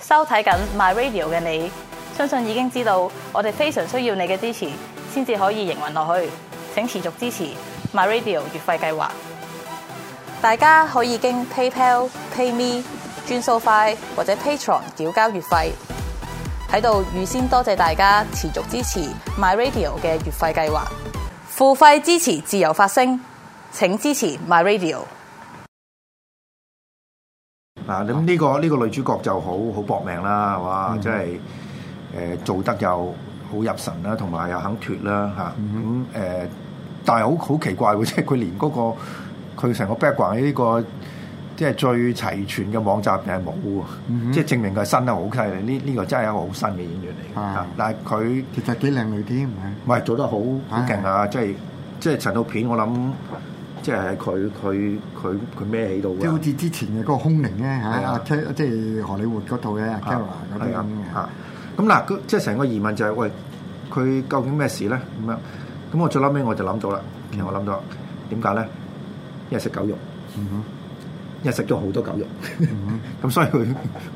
收睇緊 My Radio 嘅你，相信已經知道我哋非常需要你嘅支持，先至可以營運落去。請持續支持 My Radio 月費計劃。大家可以經 PayPal、PayMe、轉數快或者 Patreon 繳交月費。喺度預先多謝大家持續支持 My Radio 嘅月費計劃，付費支持自由發聲。請支持 My Radio。嗱，咁呢、這個呢、這個女主角就好好搏命啦，哇！即係誒做得又好入神啦，同埋又肯脫啦嚇。咁、啊、誒、呃，但係好好奇怪即係佢連嗰、那個佢成個 background 喺、這、呢個，即係最齊全嘅網站定係冇啊！即係證明佢係新得好犀利。呢呢、這個真係一個好新嘅演員嚟、啊、但係佢其實幾靚女添，唔係做得好好勁啊！即係即係成套片，我諗。即係佢佢佢佢咩起度？嘅？即係好似之前嘅嗰個凶靈咧嚇，阿、啊啊、即係荷里活嗰套嘅《啲咁嘅。咁嗱，即係成個疑問就係、是：喂，佢究竟咩事咧？咁樣咁我最嬲尾我就諗到啦。其實我諗到，點解咧？因為食狗肉。嗯哼一食咗好多狗肉，嗯，咁、 嗯、所以佢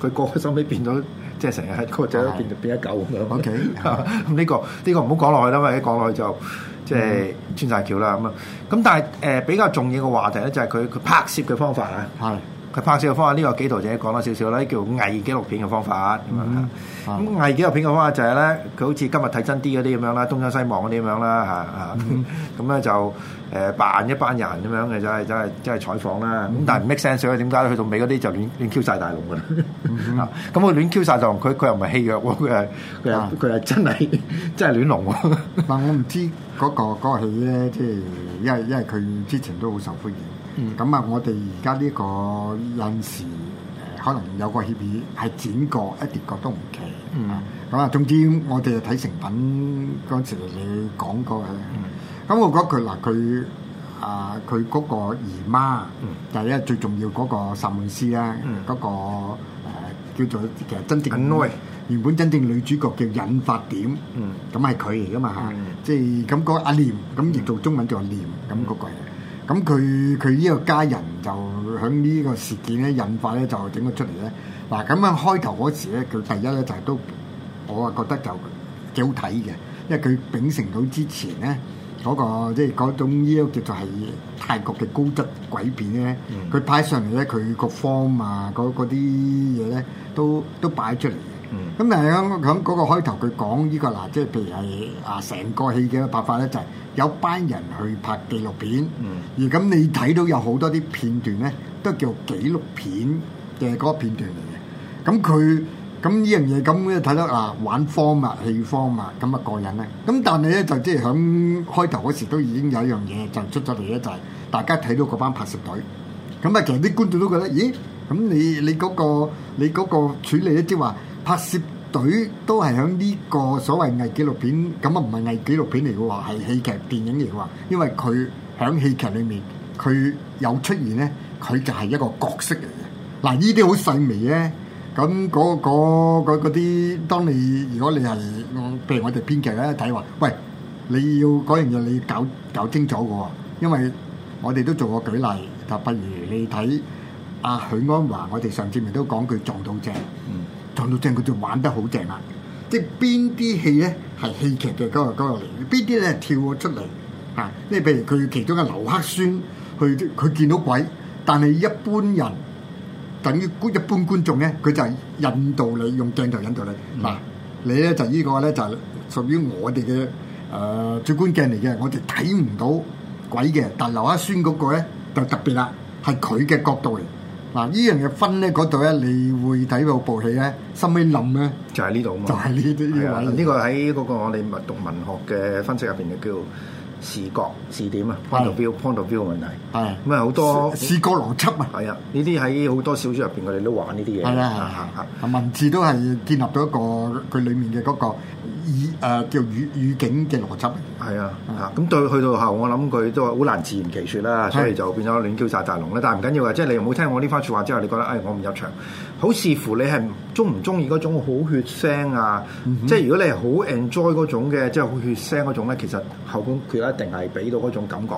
佢個心俾變咗，即係、啊、成日喺個仔變變一狗咁樣。O K，咁呢個呢、呢個唔好講落去啦嘛，因為一講落去就即係、嗯、穿晒橋啦咁啊。咁但係誒、呃、比較重要嘅話題咧，就係佢佢拍攝嘅方法啊。係。佢拍攝嘅方法呢個幾套嘢講多少少啦，叫偽紀錄片嘅方法咁樣。咁偽紀錄片嘅方法就係咧，佢好似今日睇真啲嗰啲咁樣啦，東張西望嗰啲咁樣啦嚇，咁咧就誒扮一班人咁樣嘅，就係真係真係採訪啦。咁但係唔 make sense 嘅，點解咧？去到尾嗰啲就亂亂 Q 晒大龍㗎啦。咁佢亂 Q 晒大龍，佢佢又唔係戲約喎，佢係佢又佢係真係真係亂龍喎。但我唔知嗰個嗰個戲咧，即係因為因為佢之前都好受歡迎。咁啊，我哋而家呢個有陣時誒，可能有個協議係剪過一截角都唔奇。咁啊，總之我哋就睇成品嗰時你講過嘅。咁我覺佢，嗱佢啊，佢嗰個姨媽，第一最重要嗰個薩滿師啦，嗰個叫做其實真正原本真正女主角嘅引發點。咁係佢嚟噶嘛，嚇，即係咁嗰阿念，咁亦做中文阿念咁嗰個。咁佢佢呢個家人就響呢個事件咧引發咧就整咗出嚟咧，嗱咁樣開頭時咧佢第一咧就係都我啊覺得就幾好睇嘅，因為佢秉承到之前咧、嗰個即係、就是、種種呢叫做係泰國嘅高質鬼片咧，佢、嗯、派上嚟咧佢個 form 啊嗰啲嘢咧，都都擺出嚟。咁、嗯、但係響響嗰個開頭、呢個，佢講呢個嗱，即係譬如係啊，成個戲嘅拍法咧，就係有班人去拍紀錄片。嗯、而咁你睇到有好多啲片段咧，都叫紀錄片嘅嗰個片段嚟嘅。咁佢咁呢樣嘢咁，睇到啊玩荒嘛戲荒嘛，咁啊過癮咧。咁但係咧就即係響開頭嗰時都已經有一樣嘢就出咗嚟咧，就係、係、大家睇到嗰班拍攝隊，咁啊其實啲觀眾都覺得咦，咁你你嗰、嗰個你嗰個處理一即係話。拍攝隊都係喺呢個所謂偽紀錄片，咁啊唔係偽紀錄片嚟嘅喎，係戲劇電影嚟嘅喎，因為佢喺戲劇裏面佢有出現咧，佢就係一個角色嚟嘅。嗱，呢啲好細微咧，咁嗰嗰嗰嗰啲，當你如果你係，譬如我哋編劇咧睇話，喂，你要嗰樣嘢，你搞搞清楚嘅喎，因為我哋都做過舉例，就不如你睇阿許安華，我哋上次咪都講佢撞到正。嗯講到正佢就玩得好正啦，即係邊啲戲咧係戲劇嘅嗰個嗰個嚟嘅，邊啲咧跳咗出嚟啊！即係譬、那個那個啊、如佢其中嘅劉克宣，去佢見到鬼，但係一般人等於一般觀眾咧，佢就引導你用鏡頭引導你嗱，你咧就個呢個咧就屬、是、於我哋嘅誒主觀鏡嚟嘅，我哋睇唔到鬼嘅，但劉克宣嗰個咧就特別啦，係佢嘅角度嚟。嗱，呢樣嘢分咧，嗰度咧，你會睇到部戲咧，心屘諗咧，就係呢度啊嘛，就係呢啲呢位。呢的個喺嗰、這個、個我哋文讀文學嘅分析入邊，就叫視覺視點啊，point of view，point of view 嘅問題。係的，咁啊好多視，視覺邏輯啊。係啊，呢啲喺好多小説入邊，我哋都玩呢啲嘢。係啦，文字都係建立咗一個佢裡面嘅嗰、那個。以誒、uh, 叫語語境嘅邏輯，係啊嚇，咁對去到後，我諗佢都係好難自圓其説啦，所以就變咗亂叫殺大龍咧。但係唔緊要嘅，即係你又冇聽我呢番説話之後，你覺得誒、哎、我唔入場，好視乎你係中唔中意嗰種好血腥啊。嗯、哼即係如果你係好 enjoy 嗰種嘅，即係好血腥嗰種咧，其實後宮佢一定係俾到嗰種感覺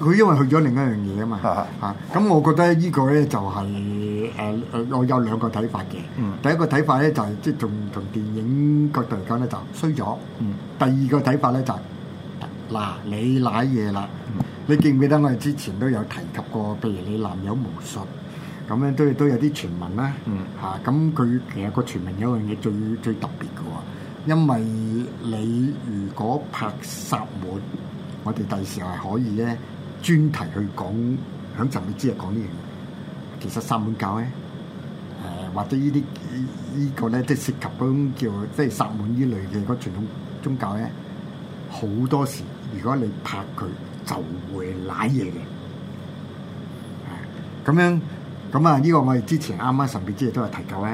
佢，因為去咗另一樣嘢啊嘛嚇咁的、嗯、我覺得呢個咧就係、是、誒、呃、我有兩個睇法嘅。嗯，第一個睇法咧就係即係從從電影角度嚟講咧就，推咗，嗯，第二個睇法咧就係、是、嗱、嗯啊，你賴嘢啦，嗯、你記唔記得我哋之前都有提及過？譬如你男友門術咁樣，都都有啲傳聞啦、啊，嗯，嚇咁佢其實個傳聞有樣嘢最最特別嘅喎，因為你如果拍殺門，我哋第時係可以咧專題去講，喺集你之日講呢樣嘢，其實三門教咧，誒、呃、或者呢啲。個呢個咧，即係涉及嗰種叫即係薩滿呢類嘅嗰傳統宗教咧，好多時如果你拍佢就會舐嘢嘅，咁、嗯、樣咁啊！呢、這個我哋之前啱啱上邊之都係提及咧，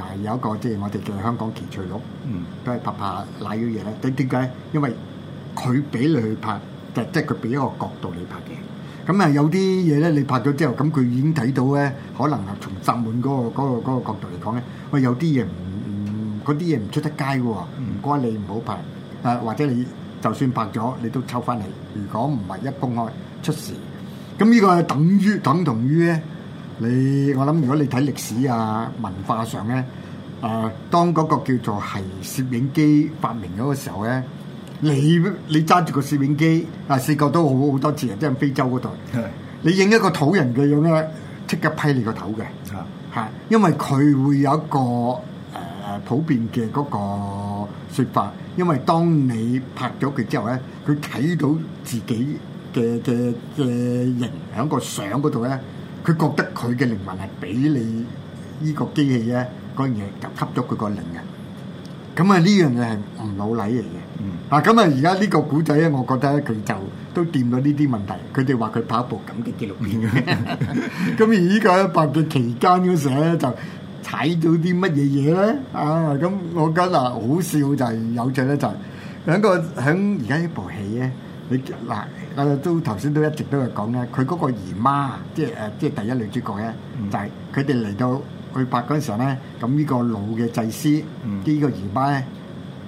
啊有一個即係我哋嘅香港奇趣錄，嗯，都係拍拍舐啲嘢咧。點點解？因為佢俾你去拍，就即係佢俾一個角度你拍嘅。咁啊，有啲嘢咧，你拍咗之後，咁佢已經睇到咧，可能係從薩滿嗰、那個嗰、那個那個那個、角度嚟講咧。喂，有啲嘢唔嗰啲嘢唔出得街嘅喎，唔該你唔好拍，誒、啊、或者你就算拍咗，你都抽翻嚟。如果唔係一公開出事，咁呢個等於等同於咧，你我諗如果你睇歷史啊文化上咧，誒、啊、當嗰個叫做係攝影機發明咗個時候咧，你你揸住個攝影機啊試過都好好多次，即係非洲嗰度，是的 你影一個土人嘅樣咧，即刻批你個頭嘅。係，因為佢會有一個誒、呃、普遍嘅嗰個説法，因為當你拍咗佢之後咧，佢睇到自己嘅嘅嘅影像喺個相嗰度咧，佢覺得佢嘅靈魂係俾你呢個機器咧嗰嘢吸吸咗佢個靈嘅。咁啊呢樣嘢係唔老禮嚟嘅，嗯、啊咁啊而家呢個古仔咧，我覺得咧佢就都掂到呢啲問題。佢哋話佢拍一部咁嘅紀錄片嘅，咁、嗯、 而依家一百嘅期間嗰時咧就踩到啲乜嘢嘢咧？啊咁我覺得好笑就係有趣。咧就喺個喺而家呢部戲咧，你嗱我、啊、都頭先都一直都係講咧，佢嗰個姨媽即係誒即係第一女主角咧，唔就係佢哋嚟到。佢拍嗰陣時候咧，咁呢個老嘅祭司，呢、嗯、個姨媽咧，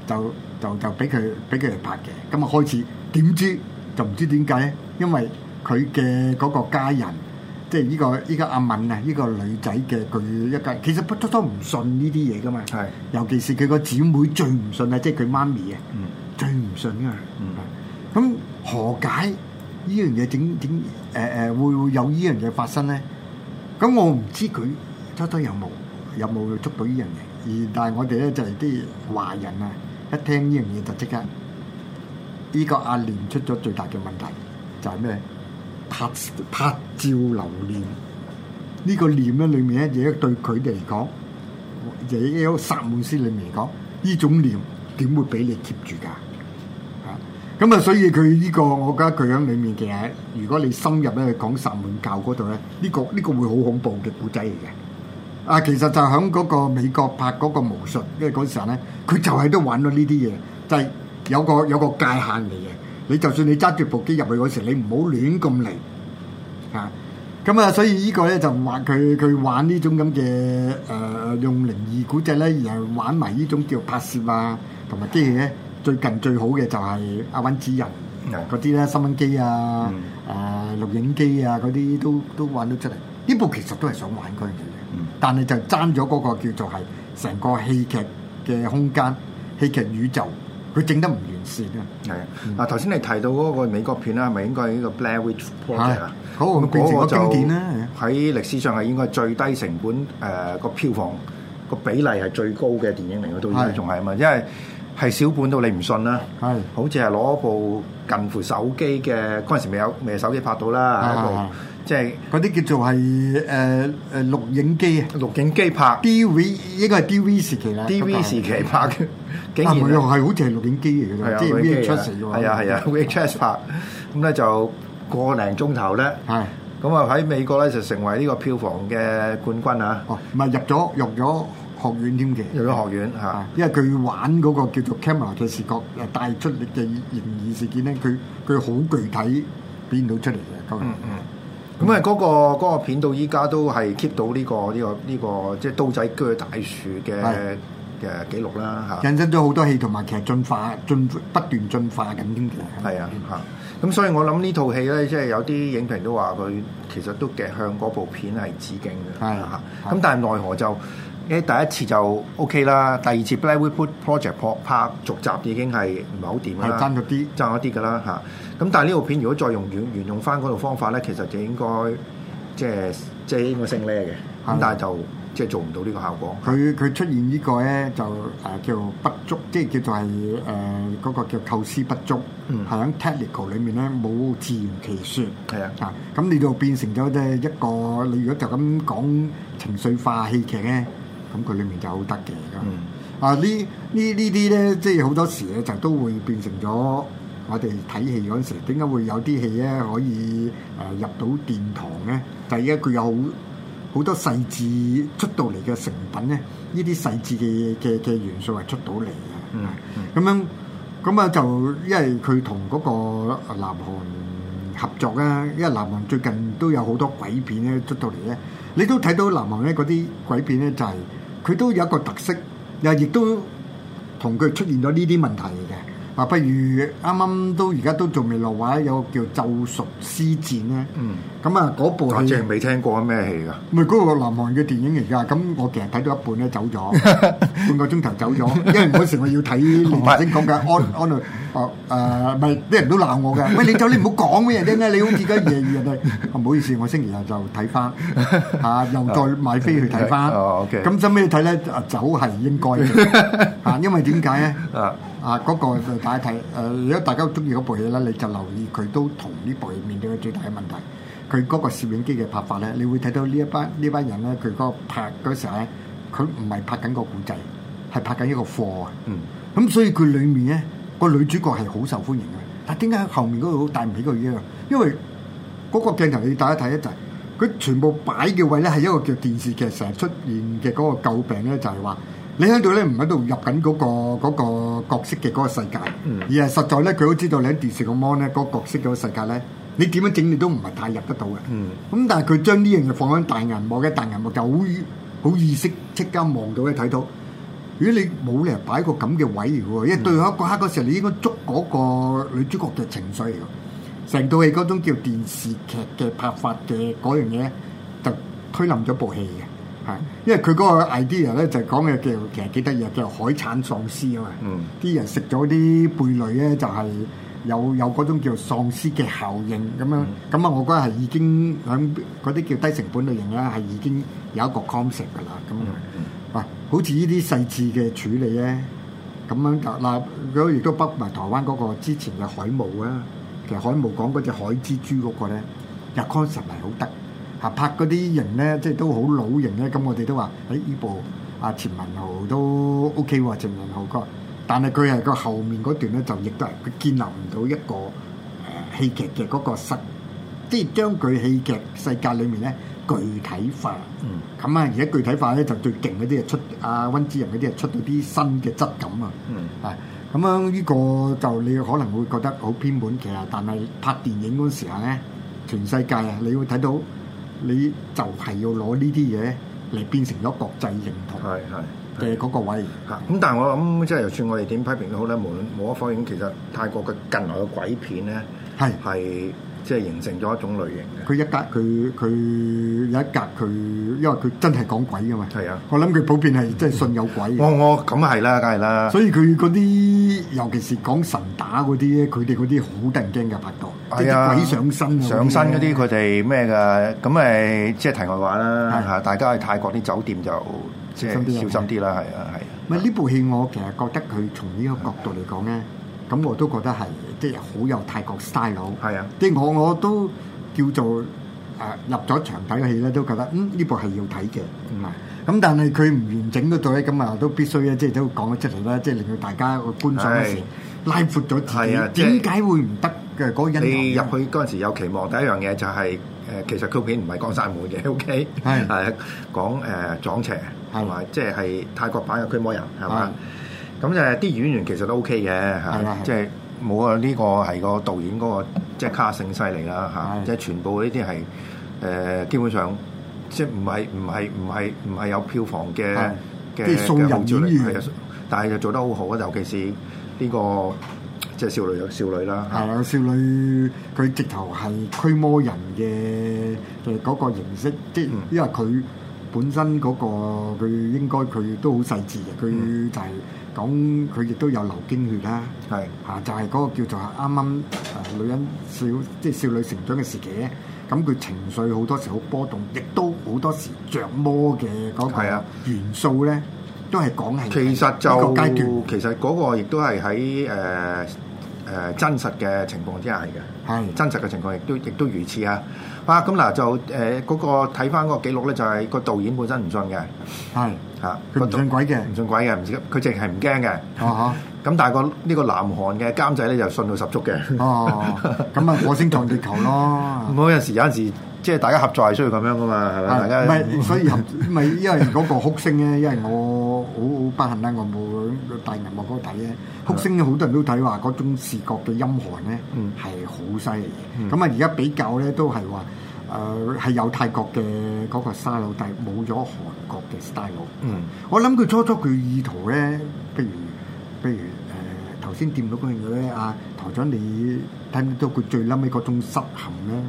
就就就俾佢俾佢嚟拍嘅。咁啊開始點知就唔知點解咧？因為佢嘅嗰個家人，即係呢、這個依家、這個、阿敏啊，呢、這個女仔嘅佢一家人，其實都不都都唔信呢啲嘢噶嘛。係是，尤其是佢個姊妹最唔信啊，即係佢媽咪啊，最唔信啊。嗯。咁何解呢樣嘢點點誒誒會會有呢樣嘢發生咧？咁我唔知佢。多多有冇有冇捉到呢樣嘢？而但係我哋咧就係啲華人啊，一聽依樣嘢就即刻，依個阿念出咗最大嘅問題，就係咩拍拍照留念呢個念咧？裡面嘅嘢對佢哋嚟講，亦薩滿師裡面嚟講，依種念點會俾你貼住㗎？啊，咁啊，所以佢依個，我覺得佢喺裡面其實，如果你深入咧去講薩滿教嗰度咧，呢個呢個會好恐怖嘅古仔嚟嘅。啊，其實就喺嗰個美國拍嗰個巫術，因為嗰時候咧，佢就係都玩到呢啲嘢，就係、是、有個有個界限嚟嘅。你就算你揸住部機入去嗰時候，你唔好亂咁嚟啊！咁啊，所以個呢個咧就玩佢佢玩呢種咁嘅誒，用靈異古仔咧，而係玩埋呢種叫拍攝啊，同埋機器咧。最近最好嘅就係阿溫子仁嗰啲咧，收音機啊、啊錄影機啊嗰啲、嗯啊啊、都都玩到出嚟。呢部其實都係想玩佢樣嘢。但係就爭咗嗰個叫做係成個戲劇嘅空間，戲劇宇宙，佢整得唔完善的、嗯、啊？係啊！嗱，頭先你提到嗰個美國片啦，係咪應該係呢個 Blair Witch《The Blair Witch Project》啊？好，咁變成個經典啦！喺歷史上係應該最低成本誒個、呃、票房個比例係最高嘅電影嚟嘅，都應該仲係啊嘛，因為係小本到你唔信啦、啊。係的，好似係攞部近乎手機嘅嗰陣時未有未有未有手機拍到啦，一部。即係嗰啲叫做係誒誒錄影機啊，錄影機拍 D V 應該係 D V 時期啦，D V 時期拍嘅，竟然又係好似係錄影機嚟嘅，即係 VHS 出世嘅嘛，係啊係啊，VHS 拍咁咧就個零鐘頭咧，係咁啊喺美國咧就成為呢個票房嘅冠軍啊！哦，唔係入咗入咗學院添嘅，入咗學院嚇，因為佢要玩嗰個叫做 camera 嘅視覺，又帶出力嘅靈異事件咧，佢佢好具體編到出嚟嘅，嗯嗯。咁啊，嗰、嗰個嗰個片到依家都係 keep 到呢、呢個呢、呢個呢、呢個，即係刀仔鋸大樹嘅嘅記錄啦嚇。引申咗好多戲同埋劇進化，進不斷進化緊啲劇。係啊嚇，咁所以我諗呢套戲咧，即係有啲影評都話佢其實都嘅向嗰部片係致敬嘅。係嚇，咁但係奈何就。誒第一次就 OK 啦，第二次 Blair Witch Project 拍續集已經係唔係好掂啦，爭咗啲爭咗啲㗎啦嚇。咁、嗯、但係呢部片如果再用沿沿用翻嗰套方法咧，其實就應該即係即係應該升咧嘅。咁的但係就即係、就是、做唔到呢個效果。佢佢出現個呢個咧就誒、呃、叫做不足，即係叫做係誒嗰個叫構思不足，係喺、嗯、technical 裏面咧冇自圓其説。係的啊，嚇咁你就變成咗即係一個你如果就咁講情緒化戲劇咧。咁佢裏面就好得嘅，嗯、啊呢呢呢啲咧，即係好多時咧就都會變成咗我哋睇戲嗰陣時，點解會有啲戲咧可以誒、呃、入到殿堂咧？第一佢有好多細緻出到嚟嘅成品咧，呢啲細緻嘅嘅嘅元素係出到嚟嘅，咁、嗯嗯、樣咁啊就因為佢同嗰個南韓合作啊，因為南韓最近都有好多鬼片咧出到嚟咧，你都睇到南韓咧嗰啲鬼片咧就係、是，佢都有一個特色，又亦都同佢出現咗呢啲問題。話不如啱啱都而家都仲未落畫，有個叫《咒術師戰》咧。嗯。咁啊，嗰部。我正未聽過咩戲㗎？咪嗰個南韓嘅電影嚟㗎。咁我其實睇到一半咧，走咗，半個鐘頭走咗。 因為嗰時我要睇林柏昇講緊安安度。唔誒， 咪啲、uh, uh, 人，人都鬧我嘅。喂， 你走你唔好講咩啫！你好似而家夜夜都，唔、啊、好意思，我星期日就睇翻嚇，又再買飛去睇翻。哦、 嗯、OK、嗯。咁使咩睇咧，走係應該嘅嚇、啊，因為點解咧？啊。 啊！嗰個大家睇誒，如果大家中意嗰部戲咧，你就留意佢都同呢部戲面對嘅最大嘅問題，佢嗰個攝影機嘅拍法咧，你會睇到呢一班呢班人咧，佢嗰拍嗰時候咧，佢唔係拍緊個古仔，係拍緊一個貨啊！嗯，咁所以佢裡面咧，個女主角係好受歡迎嘅。但點解後面嗰度好帶唔起個樣？因為嗰個鏡頭你大家睇一睇，佢全部擺嘅位咧係一個叫電視劇成日出現嘅嗰個詬病咧，就係話。你喺度咧唔喺度入緊嗰個嗰個角色嘅嗰個世界，而係實在咧佢都知道你喺電視個模咧嗰個角色嘅世界咧，你點樣整你都唔係太入得到嘅。咁但係佢將呢樣嘢放喺大銀幕嘅，大銀幕就好好意識，即刻望到咧睇到。如果你冇咧擺個咁嘅位嘅喎，因為對口嗰刻嗰時候你應該捉嗰個女主角嘅情緒嚟嘅，成套戲嗰種叫電視劇嘅拍法嘅嗰樣嘢，就推冧咗部戲嘅。係，因為佢嗰個 idea 咧就係講嘅叫其實幾得意，叫海產喪屍啊嘛。啲、嗯、人食咗啲貝類咧就係有有嗰種叫喪屍嘅效應咁、嗯、樣，咁啊我覺得係已經響嗰啲叫低成本類型啦，係已經有一個 concept 㗎啦。咁、嗯嗯、啊，好似呢啲細緻嘅處理咧，咁樣嗱，佢亦都包埋台灣嗰個之前嘅海霧啊，其實海霧講嗰隻海蜘蛛嗰個咧，concept 係好得。啊、拍嗰啲人咧，即係都好老型咧。咁我哋都話喺呢部阿、啊、錢文豪都 O K 喎，錢文豪哥。但係佢係個後面嗰段咧，就亦都係佢建立唔到一個誒、呃、戲劇嘅嗰個實，即係將佢戲劇世界裡面咧具體化。嗯。咁啊，而家具體化咧就最勁嗰啲啊溫出阿温之仁嗰啲啊出到啲新嘅質感啊。嗯。啊，咁樣呢、啊呢個就你可能會覺得好偏門，其實但係拍電影嗰陣時啊咧，全世界啊，你會睇到。你就係要攞呢啲嘢嚟變成咗國際認同嘅嗰個位嚇。咁但係我諗即係，就算我哋點批評都好啦，無論冇得否認，其實泰國嘅近來嘅鬼片咧係係。是即係形成咗一種類型，佢一格佢佢有一格佢，因為佢真係講鬼嘅嘛。係啊。我諗佢普遍係真係信有鬼。哦，我咁係啦，梗係啦。啊、所以佢嗰啲，尤其是講神打嗰啲佢哋嗰啲好得人驚嘅拍檔。係啊。鬼上身，上身啊！上身嗰啲佢哋咩嘅？咁誒，即係題外話啦嚇。大家去泰國啲酒店就即係、啊、小心啲、啊、啦，係啊，係、啊。唔係呢、啊啊、部戲，我其實覺得佢從呢個角度嚟講咧，咁我都覺得係。即係好有泰國 style，即係我我都叫做誒入咗場睇嘅戲咧，都覺得嗯呢部係要睇嘅，咁但係佢唔完整嗰度咧，咁啊都必須咧，即係都講咗出嚟啦，即係令到大家觀賞嘅時拉闊咗自啊，點解會唔得嘅嗰入去嗰陣時有期望，第一樣嘢就係誒其實佢片唔係《江山門》嘅，OK 係講誒撞邪係咪？即係泰國版嘅《驅魔人》係嘛，咁就係啲演員其實都 OK 嘅係啦，即係。冇啊！呢、這個係個導演嗰個即係卡士細嚟啦嚇，嗯、即係全部呢啲係誒基本上即係唔係唔係唔係唔係有票房嘅嘅、嗯、的演員，但係就做得好好啊！尤其是呢、這個即係少女有少女啦，係啊、嗯、少女佢直頭係驅魔人嘅嘅嗰個形式，即因為佢。嗯本身嗰、嗰個佢應該佢都好細緻嘅，佢就係講佢亦都有流經血啦，嚇、嗯啊、就係、是、嗰個叫做啱啱、呃、女人少即係少女成長嘅時期，咁佢情緒好多時好波動，亦都好多時着魔嘅嗰個元素咧，都係講係其實就階段其實嗰個亦都係喺誒。呃誒真實嘅情況之下係嘅，係真實嘅情況亦都亦都如此啊！哇，咁嗱就誒嗰個睇翻嗰個記錄咧，就係個導演本身唔信嘅，係嚇佢唔信鬼嘅，唔信鬼嘅，唔知佢淨係唔驚嘅嚇嚇。咁但係個呢個南韓嘅監製咧就信到十足嘅。哦，咁啊火星撞地球咯！冇有時有陣時即係大家合作係需要咁樣㗎嘛，係咪？大家唔係所以合咪因為嗰個哭聲咧，因為我。好好不幸啦，我冇大銀幕嗰個睇咧，哭聲好多人都睇話嗰種視覺嘅陰寒咧，係好犀利。咁啊，而家比較咧都係話，誒、呃、係有泰國嘅嗰個 style，但係冇咗韓國嘅 style。嗯、我諗佢初初佢意圖咧譬如譬如。先掂到嗰樣嘢咧，阿台長你睇到佢最嬲尾嗰種失衡咧？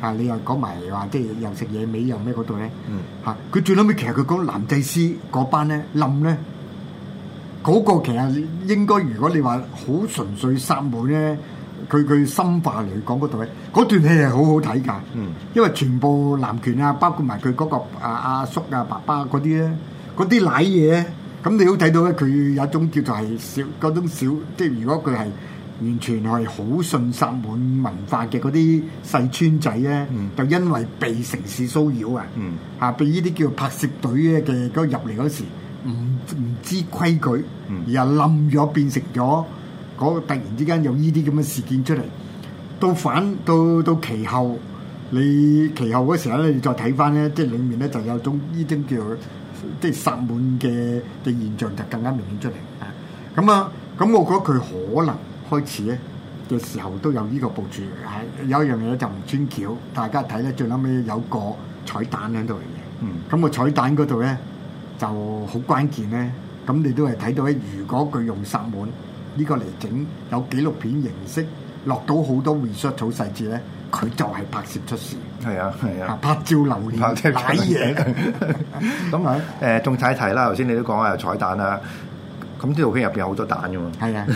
嚇你又講埋話，即係又食野味又咩嗰度咧？嚇佢最嬲尾？其實佢講男祭司嗰班咧冧咧，嗰個其實應該如果你話好純粹殺無咧，佢佢深化嚟講嗰度咧，嗰段戲係好好睇㗎。因為全部男權啊，包括埋佢嗰個阿阿叔啊、爸爸嗰啲咧，嗰啲奶嘢。咁你好睇到咧，佢有一種叫做係小嗰種小，即係如果佢係完全係好信薩滿文化嘅嗰啲細村仔咧，嗯、就因為被城市騷擾、嗯、啊，嚇被呢啲叫做拍攝隊嘅嘅入嚟嗰時，唔唔知規矩，嗯、而係冧咗變成咗嗰、那個、突然之間有呢啲咁嘅事件出嚟，到反到到其後，你其後嗰時咧，你再睇翻咧，即係裡面咧就有種呢啲叫。即係殺滿嘅嘅現象就更加明顯出嚟啊！咁啊，咁我覺得佢可能開始咧嘅時候都有呢個部署。係有一樣嘢就唔穿橋，大家睇咧最後尾有個彩蛋喺度嚟嘅。嗯，咁個彩蛋嗰度咧就好關鍵咧。咁你都係睇到咧，如果佢用殺滿呢個嚟整，有紀錄片形式，落到好多 detail 好細節咧。佢就係拍攝出事，係啊係啊，拍照留念睇嘢。咁啊，誒仲彩題啦，頭先、呃、你都講啊彩蛋，道有蛋啊，咁呢套片入邊有好多蛋嘅、哦、喎。啊，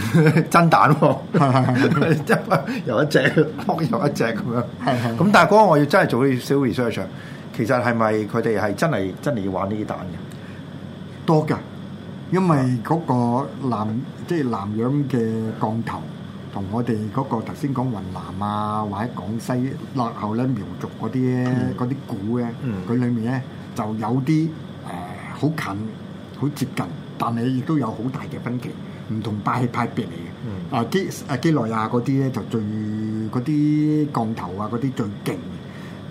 真蛋喎，一 一隻，多入一隻咁、啊、樣。係係、啊。咁但係，嗰個我要真係做啲小 research，其實係咪佢哋係真係真係要玩呢啲蛋嘅？多嘅，因為嗰個男即係南洋嘅降頭。同我哋嗰個頭先講雲南啊，或者廣西落後咧苗族嗰啲嗰啲蠱咧，佢裏、嗯、面咧就有啲誒好近好接近，但係亦都有好大嘅分歧，唔同派系派別嚟嘅、嗯啊。啊基啊幾內亞嗰啲咧就最嗰啲降頭啊嗰啲最勁。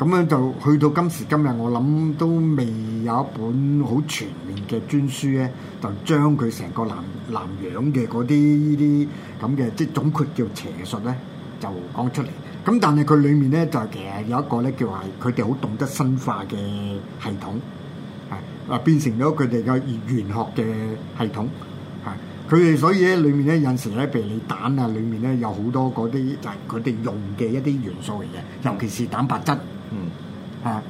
咁樣就去到今時今日，我諗都未有一本好全面嘅專書咧，就將佢成個南南洋嘅嗰啲呢啲咁嘅即總括叫邪術咧，就講出嚟。咁但係佢裡面咧就其實有一個咧叫係佢哋好懂得生化嘅系統，啊變成咗佢哋嘅玄學嘅系統，係佢哋所以咧裡面咧有時咧譬如你蛋啊，裡面咧有好多嗰啲就係佢哋用嘅一啲元素嚟嘅，尤其是蛋白質。嗯，啊，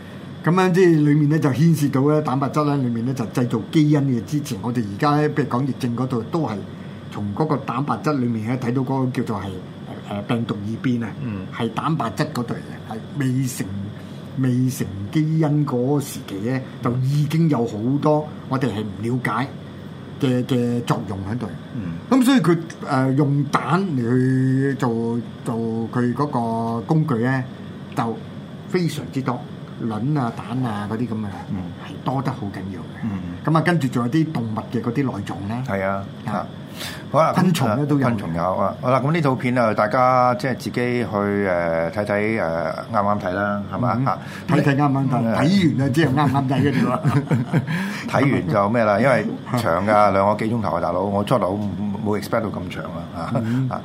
咁樣即係裡面咧就牽涉到咧蛋白質咧，裡面咧就製造基因嘅。之前我哋而家咧，譬如講疫症嗰度都係從嗰個蛋白質裡面咧睇到嗰個叫做係誒病毒耳邊啊，係、嗯、蛋白質嗰度嚟嘅，係未成未成基因嗰時期咧，就已經有好多我哋係唔了解嘅嘅作用喺度。嗯，咁所以佢誒、呃、用蛋嚟去做做佢嗰個工具咧就。非常之多卵啊蛋啊嗰啲咁嘅，係多得好緊要嘅。咁、嗯、啊，跟住仲有啲動物嘅嗰啲內臟咧。係啊，好啦，昆蟲咧都有。昆蟲有啊。好啦，咁呢套片啊，大家即係自己去誒睇睇誒啱唔啱睇啦，係、呃、嘛？睇睇啱唔啱睇？睇、呃呃、完啊，即係啱啱睇嘅啫喎？睇完就咩啦？因為長噶兩個幾鐘頭啊，大佬，我初頭冇 expect 到咁長啦啊。啊